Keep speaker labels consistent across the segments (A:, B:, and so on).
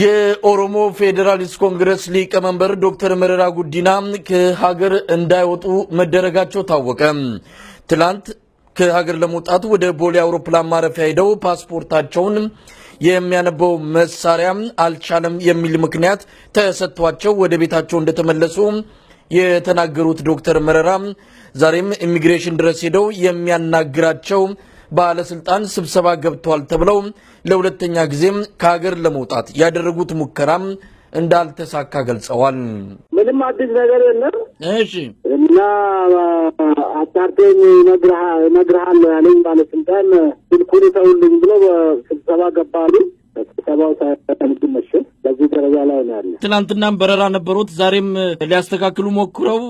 A: የኦሮሞ ፌዴራሊስት ኮንግረስ ሊቀመንበር ዶክተር መረራ ጉዲና ከሀገር እንዳይወጡ መደረጋቸው ታወቀ። ትላንት ከሀገር ለመውጣት ወደ ቦሌ አውሮፕላን ማረፊያ ሄደው ፓስፖርታቸውን የሚያነበው መሳሪያ አልቻለም የሚል ምክንያት ተሰጥቷቸው ወደ ቤታቸው እንደተመለሱ የተናገሩት ዶክተር መረራ ዛሬም ኢሚግሬሽን ድረስ ሄደው የሚያናግራቸው ባለስልጣን ስብሰባ ገብተዋል ተብለው ለሁለተኛ ጊዜም ከሀገር ለመውጣት ያደረጉት ሙከራም እንዳልተሳካ ገልጸዋል።
B: ምንም አዲስ ነገር የለም። እሺ እና አጣርቴን ነግርሃል ያለኝ ባለስልጣን ስልኩን ይተውልኝ ብሎ ስብሰባ ገባሉ። ስብሰባው ሳያንግ መሽል በዚህ ደረጃ ላይ ነው ያለ። ትናንትናም በረራ ነበሩት፣ ዛሬም ሊያስተካክሉ ሞክረው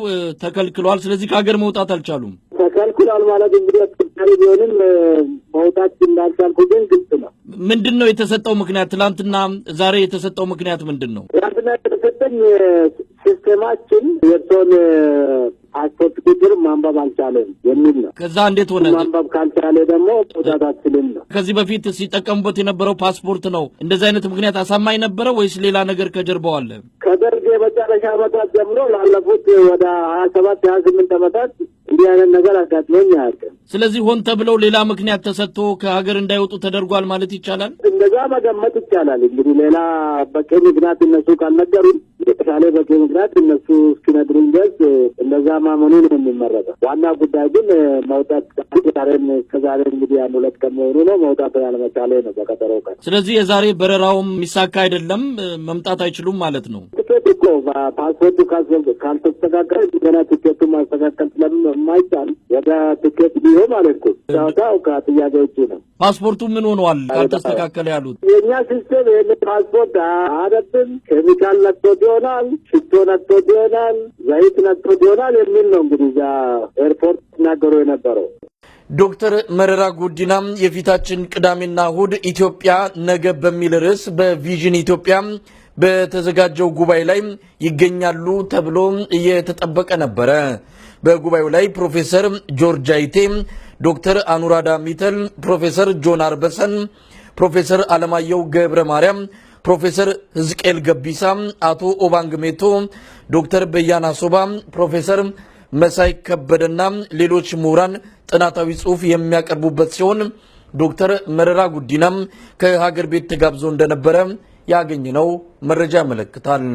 B: ተከልክለዋል። ስለዚህ ከሀገር መውጣት አልቻሉም። ካልኩላል ማለት እንግዲህ አስቸጋሪ ቢሆንም መውጣት እንዳልቻልኩ ግን ግልጽ ነው። ምንድን ነው የተሰጠው ምክንያት? ትናንትና ዛሬ የተሰጠው ምክንያት ምንድን ነው? ትናንትና የተሰጠኝ ሲስቴማችን የእርሶን ፓስፖርት ቁጥር ማንበብ አልቻለም የሚል ነው። ከዛ እንዴት ሆነ? ማንበብ ካልቻለ ደግሞ መውጣት አትችልም ነው። ከዚህ በፊት ሲጠቀሙበት የነበረው ፓስፖርት ነው። እንደዚህ አይነት ምክንያት አሳማኝ ነበረ ወይስ ሌላ ነገር ከጀርባው አለ? ከደርግ የመጨረሻ ዓመታት ጀምሮ ላለፉት ወደ ሀያ ሰባት ሀያ ስምንት ዓመታት እንዲህ አይነት ነገር አጋጥሞኝ አያውቅም። ስለዚህ ሆን ተብለው ሌላ ምክንያት ተሰጥቶ ከሀገር እንዳይወጡ ተደርጓል ማለት ይቻላል። እንደዛ መገመት ይቻላል። እንግዲህ ሌላ በቂ ምክንያት እነሱ ካልነገሩን የተሻለ በቂ ምክንያት እነሱ እስኪነግሩኝ ድረስ እነዛ ማመኑ ነው የሚመረጠው። ዋና ጉዳይ ግን መውጣት ዛሬም ከዛሬ እንግዲህ አንድ ሁለት ቀን መሆኑ ነው መውጣት ያለመቻሌ ነው በቀጠሮ ቀን። ስለዚህ የዛሬ በረራውም የሚሳካ አይደለም መምጣት አይችሉም ማለት ነው። ትኬት እኮ ፓስፖርቱ ካልተስተካከለ ገና ትኬቱ ማስተካከል ስለማይቻል ወደ ትኬት ቢሆ ማለት ኩ ዳታው ከጥያቄ ውጭ ነው። ፓስፖርቱ ምን ሆኗል ካልተስተካከለ ያሉት የእኛ ሲስተም ይህንን ፓስፖርት አደብን ኬሚካል ለቶ ለቆ ይሆናል፣ ሽቶ ነጥቶ ይሆናል፣ ዘይት ነጥቶ ይሆናል የሚል ነው እንግዲህ እዛ ኤርፖርት ሲናገሩ የነበረው። ዶክተር መረራ ጉዲና የፊታችን ቅዳሜና እሁድ ኢትዮጵያ ነገ በሚል ርዕስ በቪዥን ኢትዮጵያ በተዘጋጀው ጉባኤ ላይ ይገኛሉ ተብሎ እየተጠበቀ ነበረ። በጉባኤው ላይ ፕሮፌሰር ጆርጅ አይቴ፣ ዶክተር አኑራዳ ሚተል፣ ፕሮፌሰር ጆን አርበሰን፣ ፕሮፌሰር አለማየሁ ገብረ ማርያም ፕሮፌሰር ህዝቅኤል ገቢሳ፣ አቶ ኦባንግ ሜቶ፣ ዶክተር በያና ሶባ፣ ፕሮፌሰር መሳይ ከበደና ሌሎች ምሁራን ጥናታዊ ጽሑፍ የሚያቀርቡበት ሲሆን ዶክተር መረራ ጉዲናም ከሀገር ቤት ተጋብዞ እንደነበረ ያገኘነው መረጃ ያመለክታል።